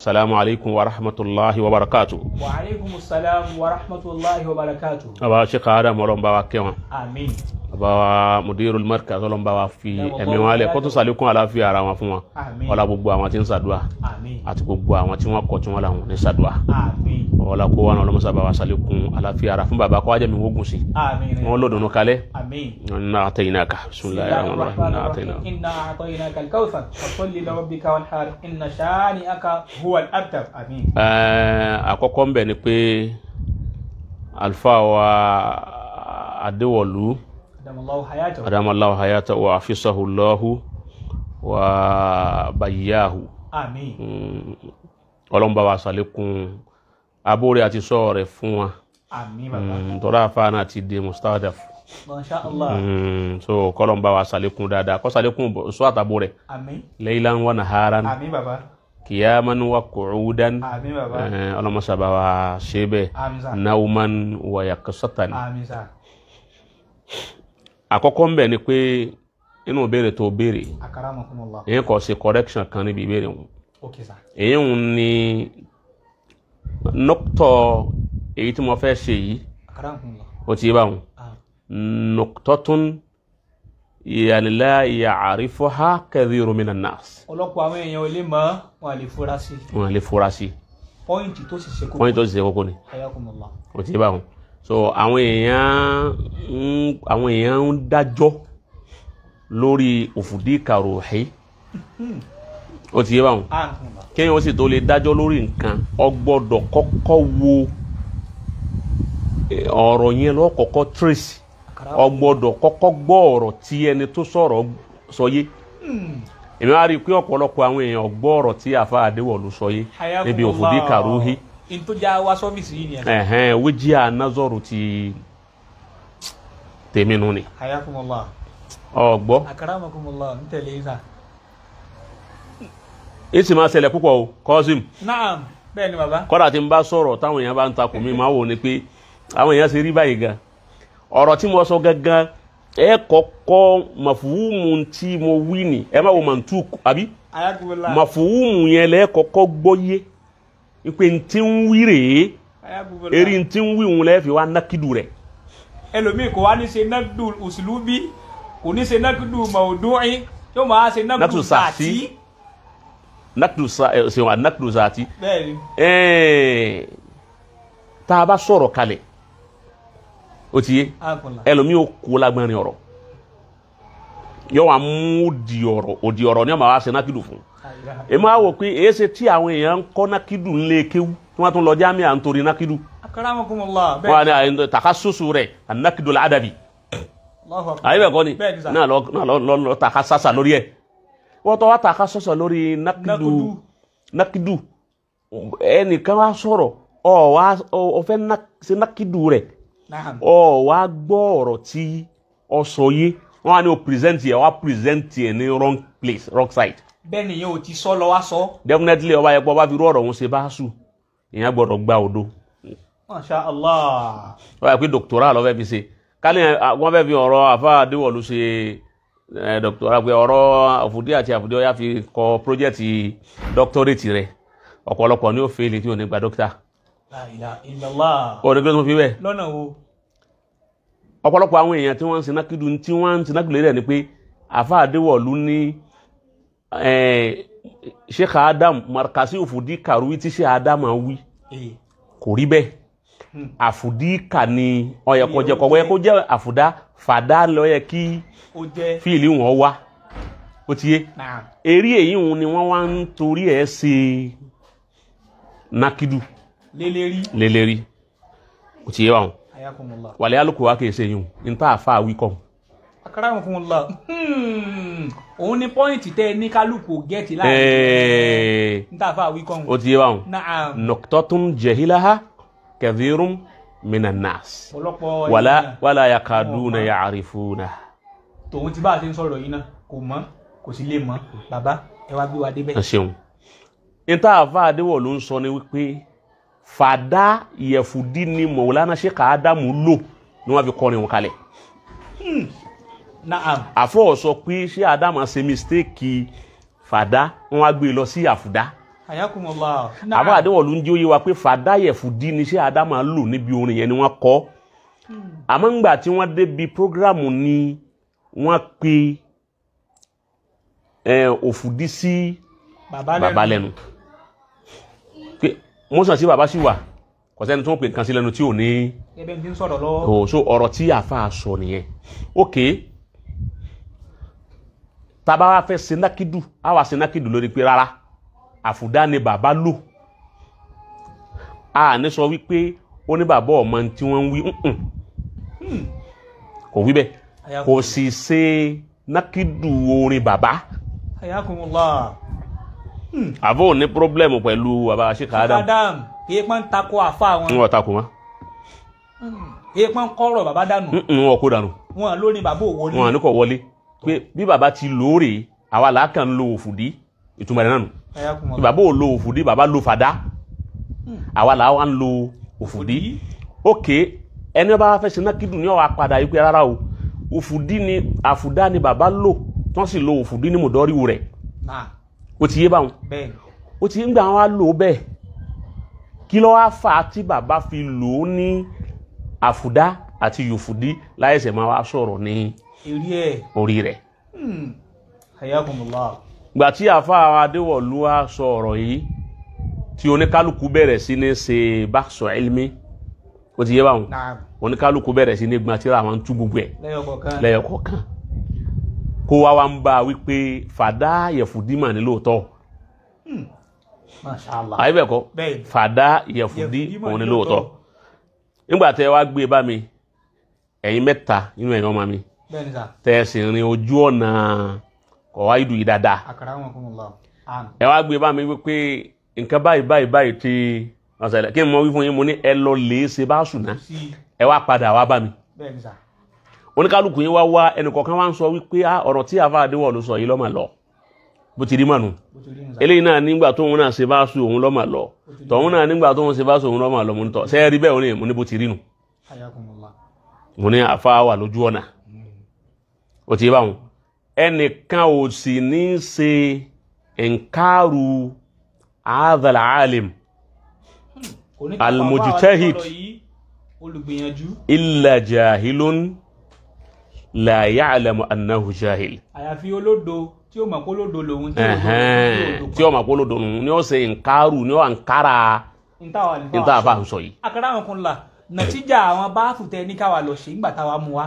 السلام عليكم ورحمة الله وبركاته وعليكم السلام ورحمة الله وبركاته أبا شيخ هذا مرحبا آمين bàbá wa mudirul markaz ọlọ́run bá wa fi ẹ̀mí wọn lẹ̀ kó tún ṣàlékún àlàáfíà ara wọn fún wọn ọlá gbogbo àwọn tí ń ṣàdúà àti gbogbo àwọn tí wọ́n kọ̀ tí wọ́n làwọn ní ṣàdúà ọlá kó wa náà ọlọ́mọṣà bá wa ṣàlékún àlàáfíà ara fún bàbá kó wájà mi wógun sí wọn lò dùnú kalẹ̀ náà atainaka bismillahir rahmanir rahim inna atainaka al-kawthar fasalli li rabbika wanhar inna shani'aka huwal abtar. àkọ́kọ́ ń bẹ̀ ni pé alfa wa adéwọ̀lú adamu allahu hayata wa afisahu allahu wa bayahu àmín ọlọ́run bá wa ṣàlékún abóore àti sọ́ọ̀ rẹ̀ fún wa àmín bàbá tọ́lá àfáà náà ti di mustadaf Masha Allah so kọ́lọ́n bá wa ṣàlékún dáadáa kó ṣàlékún sọ àtàbó rẹ̀ àmín laylan wa naharan àmín bàbá kiyaman wa qu'udan àmín bàbá wa ṣe bẹ́ẹ̀ nauman wa yaqsatan àkọ́kọ́ ń bẹ̀ ni pé inú ìbéèrè tó béèrè èyí kò ṣe correction kan níbi ìbéèrè wọn èyí ń ni nọ́kítọ̀ èyí tí mo fẹ́ ṣe yìí ó ti bá wọn ah. nọ́kítọ̀ tún ìyàlélá ìyàrífọ́ ha kẹ́rì romina nas. ọlọ́pàá àwọn èèyàn ilé mọ́ wọn lè fura sí. wọn lè fura sí. pọ́ìntì tó sì ṣe kókó ni. pọ́ìntì ti bá wọn. so àwọn èèyàn ń àwọn èèyàn ń dájọ́ lórí òfùdí kàròhé ó ti yé báwọn kéèyàn ó sì tó lè dájọ́ lórí nǹkan ó gbọ́dọ̀ kọ́kọ́ wo eh, ọ̀rọ̀ yẹn lọ́kọ̀ọ́kọ́ trace ó gbọ́dọ̀ kọ́kọ́ gbọ́ ọ̀rọ̀ tí ẹni tó sọ̀rọ̀ sọ yé èmi wá rí i pé ọ̀pọ̀lọpọ̀ àwọn èèyàn gbọ́ ọ̀rọ̀ tí àfa Adéwọ̀lú sọ yé níbi òfùdí kàròhé. ntọ́jà wa sọ́fíìsì yìí nìyẹn. ẹ̀hẹ́n owó jí à nazọ́rù ti tèmi nù ni. ayakumullah. ọ gbọ́. akaramakumullah n tẹ̀lé yín sá. èsì máa ṣẹlẹ̀ púpọ̀ o kọ́sìm. naam bẹ́ẹ̀ ni bàbá. kọ́dà tí n bá sọ̀rọ̀ táwọn èèyàn bá ń takò mí máa wò ni pé àwọn èèyàn ṣe rí báyìí gan ọ̀rọ̀ tí mo sọ gangan ẹ kọ́kọ́ màfúwùmù tí mo wí ni ẹ má wo màntúkù àbí màfúwùmù yẹn lẹ́ kọ́kọ́ gbọ́yé ipe ntí ń wí rèé eri ntí ń wí òun lẹ́ẹ̀fì wá nákìdù rẹ̀. ẹlòmíì kò wá ní ṣe nákìdù usulubi kò ní ṣe nákìdù maudu'i yóò máa ṣe nákìdù sàtì. nákìdù ṣe wà nákìdù sàtì. tá a bá sọ̀rọ̀ kalẹ̀ o ti ye ẹlòmíì ò kó lágbárin ọ̀rọ̀ yóò wá mú di ọ̀rọ̀ òdi ọ̀rọ̀ ni wọ́n máa wá ṣe nákìdù fún èmi á wò pé èyí ṣe tí àwọn èèyàn ń kọ́ nákìdù ńlẹ̀ kéwú tí wọ́n tún lọ jámẹ́ à ń torí nákìdù. akaramakumullah bẹ́ẹ̀ ni wọ́n á ní takasusu rẹ̀ nákìdù ládàbí. àyè bẹ́ẹ̀ kọ́ ni náà lọ lọ takasasa lórí ẹ̀ wọ́n tọ́ wá takasasa lórí nákìdù nákìdù ẹnìkan wá sọ̀rọ̀ ọ wa ọ fẹ́ ṣe nákìdù rẹ̀ ọ wá gbọ́ ọ̀rọ̀ tí ọ sọ yé wọ́n á o present yẹ wọ́n present yẹ ní wrong place wrong side bẹ́ẹ̀ nìyẹn ò ti sọ lọ wá sọ. definitely ọba yẹn pọ bá fi rú ọ̀rọ̀ òun ṣe bá sùn ìyẹn gbọ́dọ̀ gba òdo. masha allah. ọba yẹn pé dọkítọ́rà lọ fẹ́ fi ṣe kálí wọ́n fẹ́ fi ọ̀rọ̀ àfa adéwọ̀lú ṣe dọkítọ́rà pé ọ̀rọ̀ òfúdí àti àfúdí ọ̀yá fi kọ pírójẹ́tì dọ́kítọ́rẹ́tì rẹ̀ ọ̀pọ̀lọpọ̀ ni ó fèlè tí ò ní gba dókítà. ọ̀rẹ́ gbẹ́sọ̀ fi bẹ́ẹ̀. lọ́nà wo. ọ̀pọ̀lọpọ̀ àwọn èèyàn tí wọ́n ń sinakidu tí wọ́n pé àfa adéwọ̀lú ní sheikh adam markasi òfòdí kàrúwí tí sheikh adam wí eh. kò rí bẹ́ẹ̀ àfùdíkà hmm. ni ọyẹ kò jẹ kọwẹ kó jẹ àfùdá fàdá lọyẹ kí fíìlì wọn wá ó ti yé ni wọn wá ń torí ẹ ṣe nakidu leleri ó ti yé wa wọn wàlẹ́ alukó wa kì í ṣe yìí nípa àfa àwíkọ́ wọn akarahun fún hmm. un lọ òun ni pọ́ìntì tẹ ní kálukú gẹ́ẹ̀tì láàrin níta fà wí kọ́hún. o ti yé wa hùn nọ̀tọ́tún jẹ̀híláha kẹ̀dírún mina nas wàlá yakaduna ya'rifuna. tòun ti bá a ti ń sọ̀rọ̀ yìí náà kò mọ̀ kò sì lè mọ̀ bàbá ẹ wá gbé wa débẹ̀. ẹ ṣeun níta àfa àdéwọ̀ ló ń sọ ni wípé fàdá ìyẹ̀fùdí ni mọ̀wúlánà ṣe kà á lò ni wọ́n fi kọrin wọn kalẹ̀. Hmm àfọ sọ pé ṣé adama ṣe mistake fàdá wọn á gbé e lọ sí àfùdá àbá àdéwọ̀lù ń jẹ́ òye wa pé fàdá yẹ̀fùdí ni ṣé adama lò níbi orin yẹn ni wọ́n kọ́ hmm. àmọ́ ńgbà tí wọ́n débi prógrámù ni wọ́n pe òfùdí sí bàbá lẹ́nu pé mọ́sàn sí bàbá sí wà kò sẹ́ni tó ń pè nǹkan sí lẹ́nu tí ò ní. ẹbẹ̀ ń sọ̀rọ̀ lọ́wọ́. so ọ̀rọ̀ tí àáfàá sọ nìyẹn okay tàbá wa fẹ́ ṣe nákìdù á wà ṣe nákìdù lórí pé rárá àfùdá ni bàbá lò a ní sọ wípé ó ní bàbá ọmọ tí wọ́n ń wí hmm, kò wí bẹ́ẹ̀ kò sì ṣe nákìdù orin bàbá. hayakumullah. Hmm. àbó ní pírọ́blẹ́mù pẹ̀lú bàbá Sheikh Adam. Adam kì í pọ́n takò àfa wọn. n ò takò wọn èèpọ̀n hmm. kọ́rọ̀ bàbá dànù. wọn kò dànù. wọn lórí bàbá òwò ni. wọn àníkọ̀ wọlé. pé bí bàbá ti lóore àwa làákàn ń lo òfùdí ìtumọ̀ rẹ̀ náà nù bí bàbá ò lo òfùdí bàbá lo fada hmm. àwa làwa ń lo òfùdí ok ẹni bá fẹ́ ṣe nákìdù ní ọ̀wá padà yìí pé rárá o òfùdí ni àfùdá ni bàbá lò tí wọ́n sì lo òfùdí ní mùdọ́ríwò rẹ̀ o ti yé báwọn o ti ń gbà wọn á lò ó bẹ́ẹ̀ kí ló wá fà á tí bàbá fi lò ó ní àfùdá àti yòfùdí láìsẹ̀ máa wá sọ̀rọ̀ ní. orí rẹ̀. Hmm. gbà tí àfa adéwọ̀lú wa sọ ọ̀rọ̀ yìí tí oníkálukú bẹ̀rẹ̀ sí ní ṣe báṣọ ilmi ó ti yé báwọn oníkálukú bẹ̀rẹ̀ sí ní gbọ́n tí àwọn ń tú gbogbo ẹ̀ lẹ́yọ kọ̀ọ̀kan kó wá wá ń bá a wípé fàdá yẹ̀fùdímà ní lóòótọ́ hmm. àyè fàdá yẹ̀fùdí òun ní lóòótọ́ nígbà tẹ́ wá gbé e bá mi ẹ̀yin mẹ́ta nínú ẹ̀yin ọmọ mi tẹ̀sí rin ojú ọ̀nà kọ̀wá ìdù yìí dáadáa. ẹ wá gbé bá mi wípé nǹkan báyìí báyìí báyìí ti ọ̀sẹ̀lẹ̀ kí n mọ wí fún yín mo ní ẹ lọ lè ṣe bá sùn náà ẹ wá padà wá bá mi. oníkálukú yín wá wá ẹnìkọ̀ọ̀kan wá ń sọ wípé ah, ọ̀rọ̀ tí àfa Adéwọ̀lú sọ yìí lọ́mà lọ bó ti rí mànú eléyìí náà nígbà tóun náà ṣe bá sùn òun lọ́mà lọ tọ̀hún náà nígbà tóun ṣe bá sùn òun lọ́mà lọ mo ní tọ̀ sẹ́ẹ̀rí bẹ́ẹ̀ mo ní bó ti rí nù mo ní àfa wà lójú ọ̀nà ó ti yé báwọn ẹnìkan ò sì ní í ṣe nkaaru adal alim almujtahid illa jahilun la ya'lamu annahu jahil. àyàfi olódo tí ó mọ̀ pé olódo lòun tí ó mọ̀ pé olódo lòun ni ó ṣe nkaaru ni ó ankara nta àfa sọ yìí. akara àwọn kun la nàtíjà àwọn báàfù tẹ ní káwa lọ ṣe ń gbà táwa mú wa.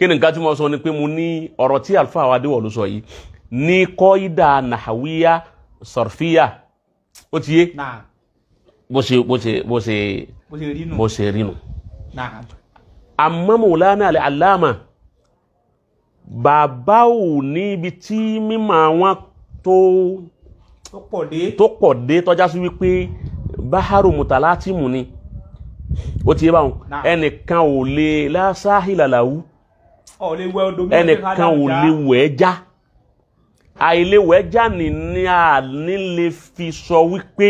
kí ni nǹkan tí mo sọ ni pé mo ní ọ̀rọ̀ tí alfa adéwọ̀lú sọ yìí ní kọ́ídà nàhàwíyá sọ̀rfíyà ó ti yé bó ṣe bó ṣe bó ṣe bó ṣe rínu àmọ́ mọ̀lánà aláàmà bàbá ò ní ibi tí mímọ̀ àwọn tó tó pọ̀ dé tọ́já sí wípé báhárù mùtàlátìmù ni ó ti yé báwọn ẹnìkan ò lè lásáhìlàláwú ẹnìkan ò lè wẹ̀ ẹ́ já àìlèwẹ̀ ẹ́ já ni ni a nílé fi sọ wípé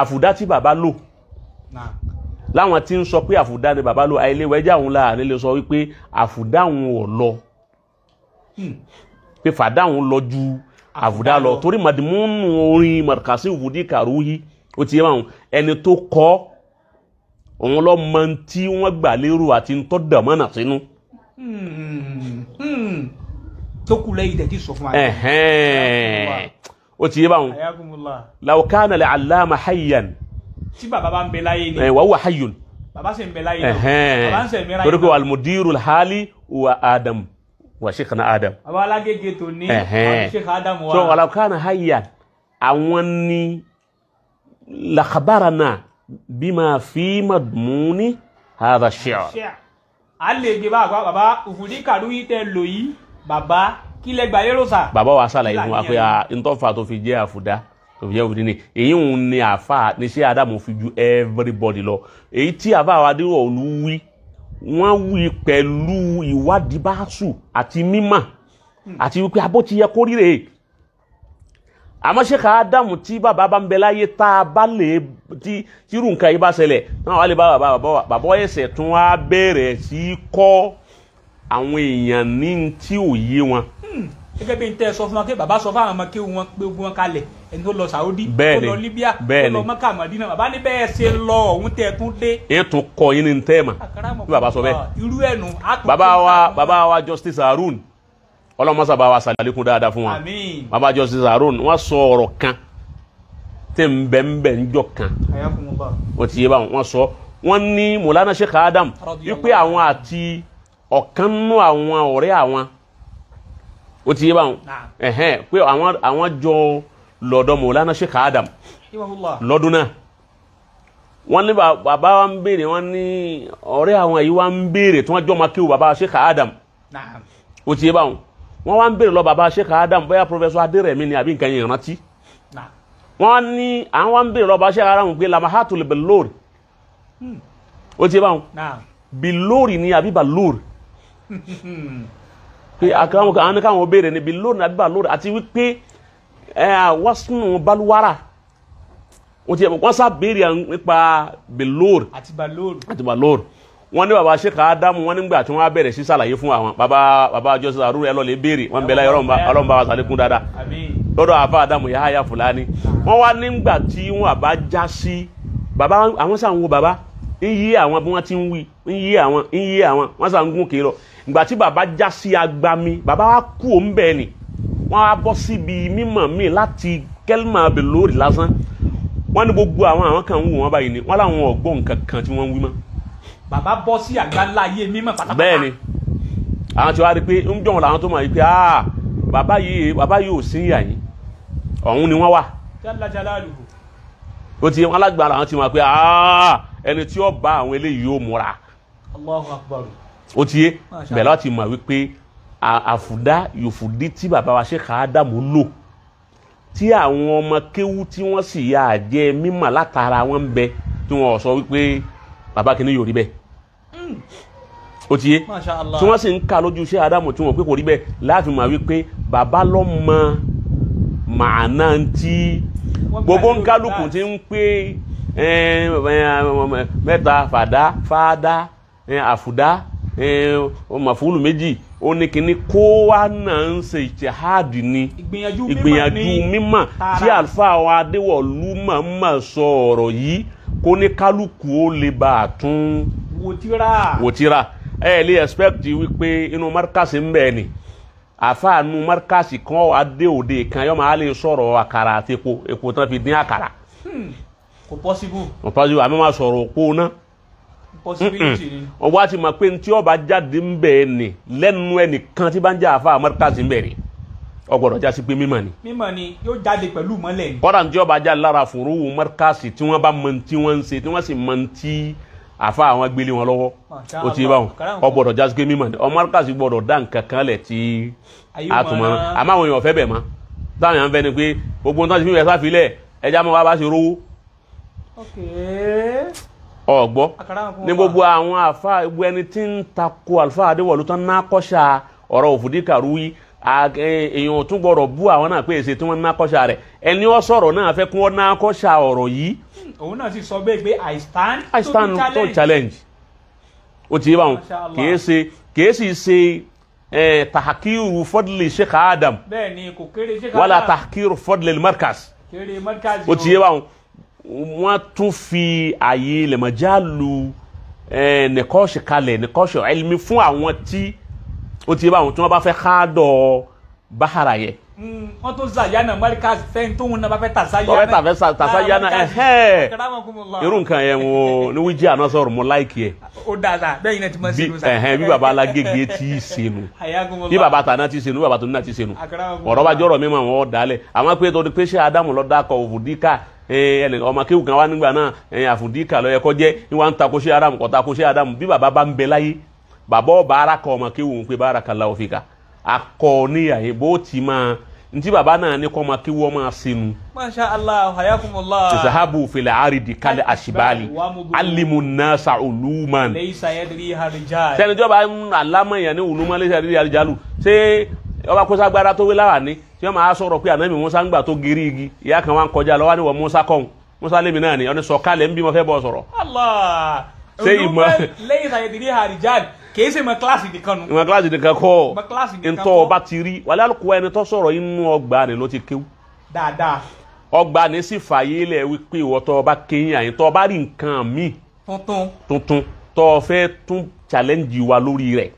àfùdá tí bàbá lò láwọn tí ń sọ pé àfùdá ni bàbá lò àìlèwẹ̀ ẹ́ já òun láà nílé sọ wípé àfùdá òun ò lọ hmm. pé fàdá òun lọ ju àfùdá lọ torí màdìmúnù orin màkàsí ìwúdí kàrúhí ó ti yẹ máa ẹni tó kọ́ òun lọ mọ tí wọ́n gbà lérò àti ń tọ́ dàmọ́nà sínú. Si Hmm. tó kù lẹ́yìn tẹ̀ tí sọ fún wa. o ti yé báwọn làwọkànà lè alama hayyan. tí bàbá bá ń bẹ láyé ni. wà á wà hayyun. bàbá sì ń bẹ láyé náà bàbá ń sẹ̀ mìíràn. torí ko almudiru alhali wa adam wa sheikhna adam. àwọn alágége tó ní àwọn sheikh adam wa. so làwọkànà hayyan àwọn ni lakabarana bima fi madmuni hadha shi'r a ba gbé bá àgbà bàbá òfurufú kàdúyí tẹ lò yìí bàbá kí lẹ gbà lérò sà. bàbá wa ṣàlàyé fún wa pé ntọ́fà tó fi jẹ́ àfùdá tó fi jẹ́ òfin ní èyí ń ní àfà ní sí Ádámù fi ju everybody lo èyí tí àbá wa dérò òlu wí wọ́n wí pẹ̀lú ìwádìí báṣù àti mímọ̀ àti wípé abó ti yẹ kórìíre àmọ́ ṣé ká ádámù tí bàbá bá ń bẹ láyé tá a bá lè tí tírú nǹkan yìí bá ṣẹlẹ̀ náà wà lè bá bàbá bàbá bàbá ẹ̀sẹ̀ tún á bẹ̀rẹ̀ sí kọ́ àwọn èèyàn ní tí ò yé wọn. Hmm, gẹ́gẹ́ bí n tẹ́ sọ fún wa pé bàbá sọ fún àwọn ọmọ kéwọn wọn pé ogun kalẹ̀ ẹni tó lọ Saudi tó lọ Libya tó lọ Mọ́kà Mọ̀dínà bàbá ní bẹ́ẹ̀ ṣe lọ òun tẹ́ tún dé. ètò kọ yín ní tẹ́ mà bí bàbá sọ bẹ́ẹ̀. irú ẹ̀ nù. bàbá wa bàbá wa Justice Harun ọlọ́mọ́sá bá wa sàlékún dáadáa fún wa bàbá justice Haruna wọ́n sọ ọ̀rọ̀ kan tẹ̀ ń bẹ̀ ń bẹ̀ ń jọ kan wọ́n ti yé báwọn wọ́n sọ wọ́n ní Mọ̀lánà Sheikh Adam wípé àwọn àti ọ̀kan nú àwọn ọ̀rẹ́ àwọn wọ́n ti yé báwọn ẹ̀hẹ́n pé àwọn jọ lọ́dọ̀ Mọ̀lánà Sheikh Adam lọ́dún náà wọ́n ní bàbá wa ń béèrè wọ́n ní ọ̀rẹ́ àwọn yìí wa ń béèrè tí wọ́n jọ́ máa kí o bàbá Sheikh Adam ó ti yé báwọn wọ́n wá ń béèrè lọ bàbá Sheikh Adam bóyá professor Adérẹ̀mí ni àbí nǹkan yẹn rántí wọ́n ní àwọn wá ń béèrè lọ bàbá Sheikh Adam pé lamahatul belori hmm. ó ti báwọn belori ni àbí balori pé àkàwọn kan káwọn béèrè ni belori ni àbí balori àti wípé wasunu baluwara ó ti wọ́n sá béèrè nípa belori àti balori wọ́n ní baba sheikh adamu wọ́n nígbà tí wọ́n á bẹ̀rẹ̀ sí sàlàyé fún àwọn baba baba jọ́sí àrùrẹ́ lọ́lẹ̀ béèrè wọ́n bẹ̀rẹ̀ ọlọ́run bá wa sàlékún dáadáa lọ́dọ̀ àfa adamu yahaya fulani wọ́n wá nígbà tí wọ́n àbá já sí baba àwọn sàn wo baba ń yí àwọn bí wọ́n ti ń wí ń yí àwọn ń yí àwọn wọ́n sàn gún kiri ìgbà tí baba já sí agbami baba wa kú òun bẹ́ẹ̀ ni wọ́n á bọ́ síbi mímọ̀ míì láti kẹ́lìmọ̀ abẹ́ lórí lásán wọ́n ní gbogbo àwọn àwọn kan ń wò báyìí ni wọ́n láwọn ọ̀gbọ́n nǹkan tí wọ́n wí mọ́ bàbá bọ́ sí àgbáńlá ayé mímọ́ pátápátá. bẹ́ẹ̀ni àwọn tí wàá rí i pé ń jọ̀wọ́n làwọn tó mọ̀ yìí pé ah bàbá yìí bàbá yìí ò sí ìyà yìí ọ̀hún ni wọ́n wà. jálá jálá lùhù. ó ti alágbára làwọn ti mọ̀ pé ah ẹni tí ó bá àwọn eléyìí ó múra. Allahu Akbar. ó ti yé bẹ̀rẹ̀ láti mọ̀ wípé àfùdá yòfùdí tí bàbá wa ṣe kà á dàmú lò tí àwọn ọmọ kéwú tí wọ́n sì yà á jẹ́ mímọ̀ látara wọn ń bẹ tí wọ́n sọ wípé bàbá kìíní yóò rí bẹ́ẹ̀ ó ti yé tí wọ́n sì ń ka lójú iṣẹ́ Ádámù tí wọ́n pé kò rí bẹ́ẹ̀ láàfin màá wí pé bàbá ló mọ màánà tí gbogbo ń kálukú ti ń pé mẹ́ta fàdá fàdá àfùdá màfúlù méjì ó ní kíní kó wá náà ń ṣe ìtìhádì ni ìgbìyànjú mímọ̀ tí àlùfáà wa Adéwọ̀lú máa ń máa sọ ọ̀rọ̀ yìí kó ní kálukú ó lè bá a tún. wòtíra wòtíra ẹ ẹ lè expect wípé inú márkàsì ń bẹ̀ ni àfàànú márkàsì kan adé òde kan yọ máa lè sọ̀rọ̀ àkàrà àti epo epo tán fi dín àkàrà. Hmm. kò pọ́sibú. kò pọ́sibú àmì máa sọ̀rọ̀ òpó náà possibility ni. ọwọ́ àti mọ̀ pé ntí ọba jáde ń bẹ̀ ni lẹ́nu ẹnìkan tí bá ń jẹ́ àfa àmọ́ríkàsì ń bẹ̀ ni ọgbọ́dọ̀ jásí pé mímọ̀ ni. mímọ̀ ni yóò jáde pẹ̀lú mọ́lẹ̀ ni. kọ́dà tí ọba jáde lára fòrúwù mọ́kàsì tí wọ́n bá mọ tí wọ́n ń ṣe tí wọ́n sì mọ tí àfa àwọn gbélé wọn lọ́wọ́ ó ti bá wọn ọgbọ́dọ̀ jásí pé mímọ̀ ni ọmọ mọ́kàsì gbọ́dọ̀ dá nǹkan kan lẹ̀ tí àtùmọ̀ náà àmọ́ àwọn èèyàn fẹ́ bẹ̀ mọ́ táwọn èèyàn fẹ́ ni pé gbogbo nǹkan ti fi wẹ̀ sáfilẹ̀ ẹja mọ́ wa bá ṣe rówó. ọ̀gbọ́ ní gbogbo àwọn àfa gbogbo ẹni tí ń takò àlùfáà adéwọ̀lú tán náà kọ́ṣà ọ̀rọ̀ òfòdíkàrú yìí Eh, èèyàn tún gbọ́dọ̀ bú àwọn náà pé èsè tí wọ́n ná kọ́ṣà rẹ̀ ẹni ó sọ̀rọ̀ náà fẹ́ kí wọ́n ná kọ́ṣà ọ̀rọ̀ yìí. òun náà sì sọ bẹ́ẹ̀ pé I stand I stand to be challenged. o ti yé báwọn kìí ṣe kìí sì ṣe tahakiru fọdìlì Sheikh Adam wala tahakiru fọdìlì markas o ti yé báwọn wọ́n tún fi àyè lẹ́mọ̀já nìkọ́ṣì kalẹ̀ nìkọ́ṣì ilmi fún àwọn tí ó ti yé báwọn tí wọ́n bá fẹ́ kádọ̀ báhara yẹ. Mm, wọ́n tó zayana marika fẹ́n tó ń nabà fẹ́ tasayana. tọ́wẹ́ tàfẹ́ tasayana ẹ̀hẹ́ irú nǹkan yẹn wo ni wíjí àná sọ̀rọ̀ mo láìkì ẹ̀. ó dàda bẹ́ẹ̀ yìí ti máa sinu sa. ẹ̀hẹ́n bí baba alágége ti sinu bí baba tàná ti sinu bí baba tónú ti sinu ọ̀rọ̀ bá jọ̀rọ̀ mímọ́ àwọn ọ̀dàlẹ̀ àwọn pé torí pé ṣé Ádámù ló dákọ̀ òvùdíkà ẹnì ọmọ kéwù kan wá nígbà náà àfùdíkà ló yẹ jẹ́ ìwà ń takò ṣé Ádámù kò takò bí baba bá ń bẹ láyé bàbá ọba ara kan ọmọ kéwù ń pé barakallahu fika akọ níyàhé bó ti máa ntí bàbá náà ní kọ́ máa kéwù ọmọ sínú. masha allah hayakumullah. tisahabu fil aridi kal ashibali alimu nasa uluman. leisa yadri harijan. sẹ́ni tí wọ́n bá ń alámọ̀ yẹn yadri harijalu ṣé ọba kó sagbara tó wé láwà ní tí wọ́n máa sọ̀rọ̀ pé ànábì musa ń gbà tó gírí igi ìyá kan wá ń kọjá lọ́wọ́ ni wọ́n musa kọ́ musa lémi náà ni ọ kìí ṣe mọ kíláàsì nìkan nu. mọ kíláàsì nìkan kọ́ ntọ́ ọba ti rí wàlẹ́ àlùkò ẹni tó sọ̀rọ̀ inú ọgbà rẹ̀ ló ti kéwú. dáadáa. ọgbà ní sì fàyè lẹ̀ wípé ìwọ tọ́ ọba kéyìn àyìn tọ́ ọba rí nǹkan míì. tuntun. tuntun tọ́ ọ fẹ́ tún challenge wa lórí rẹ̀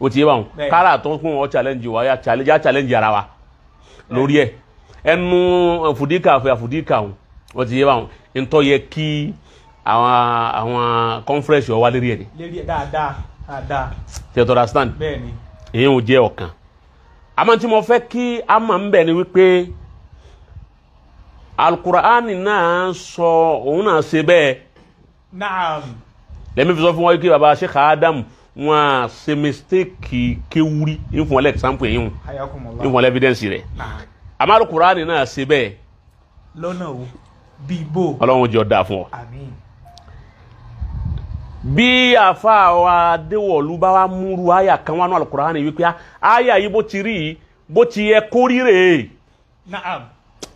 o ti yé báwọn kára tó kún ọ challenge wa ya challenge ya challenge ara wa lórí ẹ ẹnu àfùdíkà àfẹ àfùdíkà ọ̀hún o ti yé báwọn ntọ́ yẹ kí àwọn àwọn conference ọ̀ wá lérí ẹ̀ ni. lérí ẹ̀ dáadáa tẹ̀tọ̀ understand èyí ò jẹ́ ọ̀kan àmọ́ tí mo fẹ́ kí a mọ̀ ń bẹ̀ ni wípé alukur'ani náà sọ òun náà ṣe bẹ́ẹ̀ lẹ́mí fi sọ fún wọn kí baba Sheikh Adam wọn a ṣe mistake kéwúrí ń fún wọn lẹ́ example yìí ń fún wọn lẹ́ evidence rẹ̀ àmọ́ alukur'ani náà ṣe bẹ́ẹ̀ lọ́nà o bíbó ọlọ́run jọ dáa fún ọ. àmín bí àfa wa Adéwọ̀lú bá wa múru àyà kan wà nù Al-Qur'ani wípé ah, àyà yìí bó ti rí yìí bó ti yẹ kó ríre.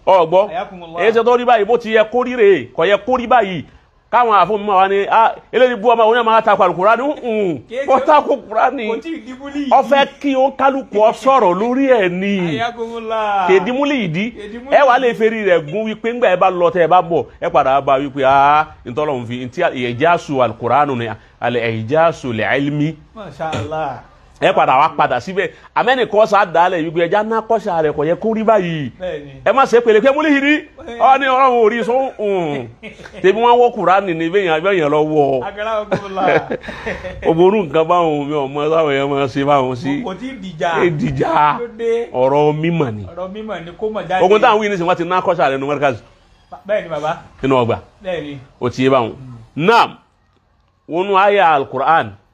ọgbọ́n èyí ṣe tó rí báyìí bó ti yẹ kó ríre kò yẹ kó rí báyìí káwọn àfọ mímọ wa ni ah, eléyìí bú ọmọ òun náà máa ta Al-Qur'ani kó ta Al-Qur'ani ọfẹ kí ó kálukú ọ sọ̀rọ̀ lórí ẹ ní kèdímúlì ìdí ẹ wàá lè feri rẹ gún wípé ńgbà ẹ bá lọ tẹ ẹ bá bọ ẹ padà bá wípé aa ah, ntọ́lọ̀ nfi ntí ẹ̀já su Al-Qur'ani ni alẹ́ ẹ̀já su lẹ́ ẹ̀lmi. Masha Allah ẹ padà wá padà síbẹ̀ amẹ́ni kọ́sà dálẹ̀ yìí gbé ẹja ná kọ́sà rẹ̀ kò yẹ kó rí báyìí ẹ má ṣe pèlè pé múlí yìí rí ọ ní ọlọ́run ò rí so tèmi wọn wọ kúránì ní bẹ́yìn abẹ́yìn lọ wọ ògbóró nǹkan báwọn mi ọmọ sáwọn yẹn máa ṣe báwọn sí ìdìjà ọ̀rọ̀ mímọ̀ ni ogun táwọn wíyìn nísìnyí wọn ti ná kọ́sà rẹ̀ nù mẹ́ríkàsì nínú ọgbà ó ti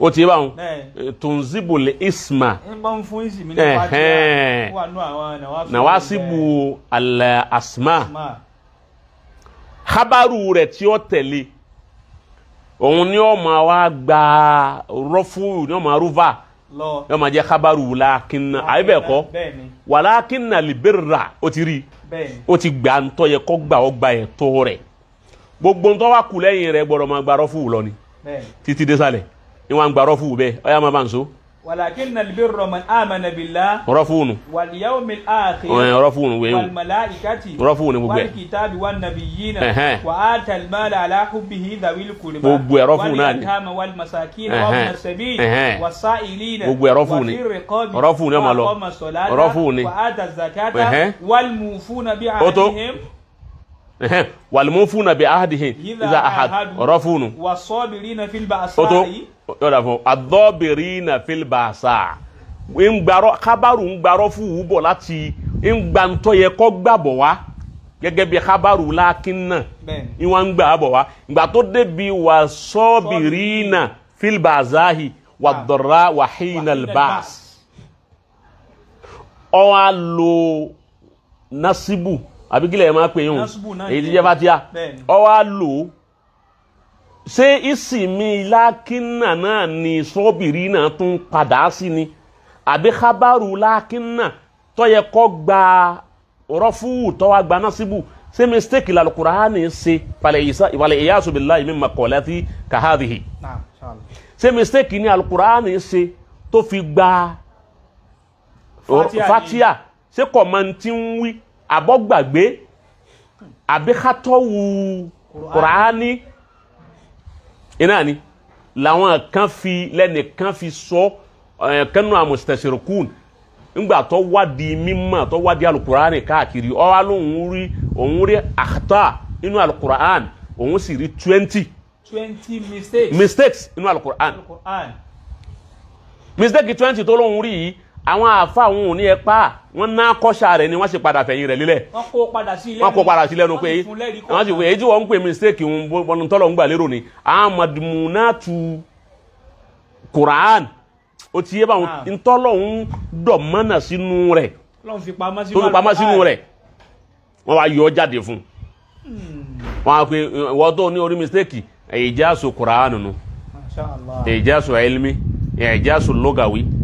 o ti eh, bá wọn tunzibule isma na wàá síbu alẹ asma habaru rẹ tí ó tẹ̀lé òun ni ó máa wá gba rọ́fù ni ó máa rúfà yóò máa jẹ́ habaru làákínà àyè bẹ́ẹ̀ kọ́ wà làákínà libera ó ti rí ó ti gbà ń tọ́ yẹ kó gbà ó gba ẹ̀ tó rẹ̀ gbogbo ń tọ́ wá kù lẹ́yìn rẹ̀ gbọ́dọ̀ gba rọ́fù lọ ni títí désàlẹ̀ ni wọn gba rọfù bẹ ọ yà máa bá ń so. walakin albirra man amana billah. rọfù nu. wal yawmil akhir. Oh, rọfù nu wẹ́yìn. wal malaikati. rọfù nu gbogbo ẹ. wal kitabi wan nabiyina. wa ata almala ala hubbihi dhawil qurba. gbogbo ẹ rọfù náà ni. wal yatama wal masakin. wa ibn sabil. wasailina. gbogbo ẹ rọfù ni rọfù ni ọmọ lọ rọfù ni. wa ata zakata. wal mufuna bi ahlihim walmufuna bi ahdihim iza ahad rọfù nu. wasabirina fil ba'sa'i yọ̀dà fún adọ́bìrì na filibasa ńgbàrọ̀ kábàrù ńgbàrọ̀ fún wù bọ̀ láti ńgbàntọ́ yẹ kọ́ gbàbọ̀ wá gẹ́gẹ́ bí kábàrù lákín náà ìwọ̀n ń gbà bọ̀ wá ìgbà tó débi wà sọ́bìrì na filibasahi wà ah. dọ̀rà wà hìnàlbàs ọ̀hún á lo nasibu àbíkílẹ̀ ẹ̀ máa pè yín o èyí ti jẹ́ fatia ọ̀hún á ṣé ìsinmi lákínà náà ni sọ́bìrì náà tún padà sí ni àbí kábàrù lákínà tó yẹ kó gba rọ́fù tó wá gba násìbù ṣé mistake la alukur'ani ṣe ìwàlẹ̀ ìyáṣu billahi mimma qalati kahadhihi ṣé mistake ni alukur'ani ṣe tó fi gba fatia ṣé kò ń wí àbọ̀gbàgbé àbí kátọ́wù kùránì iná ni làwọn kan fi lẹ́nìkan fi sọ eh, kánú àmùsítẹ̀sẹ̀rẹ̀kùn ńgbà tó wádìí mímọ̀ tó wádìí alukur'ani káàkiri ọwọ́ lóhùn rí òun rí àkàtà inú alukur'ani òun sì rí twenty twenty mistakes mistakes inú alukur'ani mistake twenty tó lóhùn rí yìí àwọn àáfàá òun ò ní ẹ pa wọn ná kọ́ṣà rẹ̀ ni wọ́n sì padà fẹ̀yìn rẹ̀ lélẹ̀. wọ́n kó padà sí lẹ́nu wọ́n kó padà sí lẹ́nu pé àwọn sì wọ èyí tí wọ́n ń pè mistake ń bọ́nu tọ́lọ̀ ń gbà lérò ni amadumunatu Quran ó ti yé báwọn ah. ntọ́lọ̀ ń dọ̀mọ́nà sínú rẹ̀ tó fi pamọ́ sínú rẹ̀ wọ́n wá yọ jáde fún hmm. wọn á pe wọ́n tó ní orí mistake ìjásù Quran nù ìjásù ilmi ìjásù lógàwí.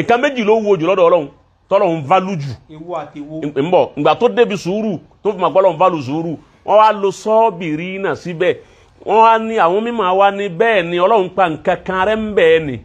ìkan méjì ló wo jù lọ́dọ̀ ọlọ́run tọ́lọ́run válù jù ńbọ̀ ìgbà tó débi sùúrù tó fi mà pọ́ lọ́run válù sùúrù wọ́n wá lo sọ́ọ̀bìrì náà síbẹ̀ wọ́n wá ní àwọn mímọ́ wa ní bẹ́ẹ̀ ni ọlọ́run pa nǹkan kan rẹ̀ ń bẹ́ẹ̀ ni.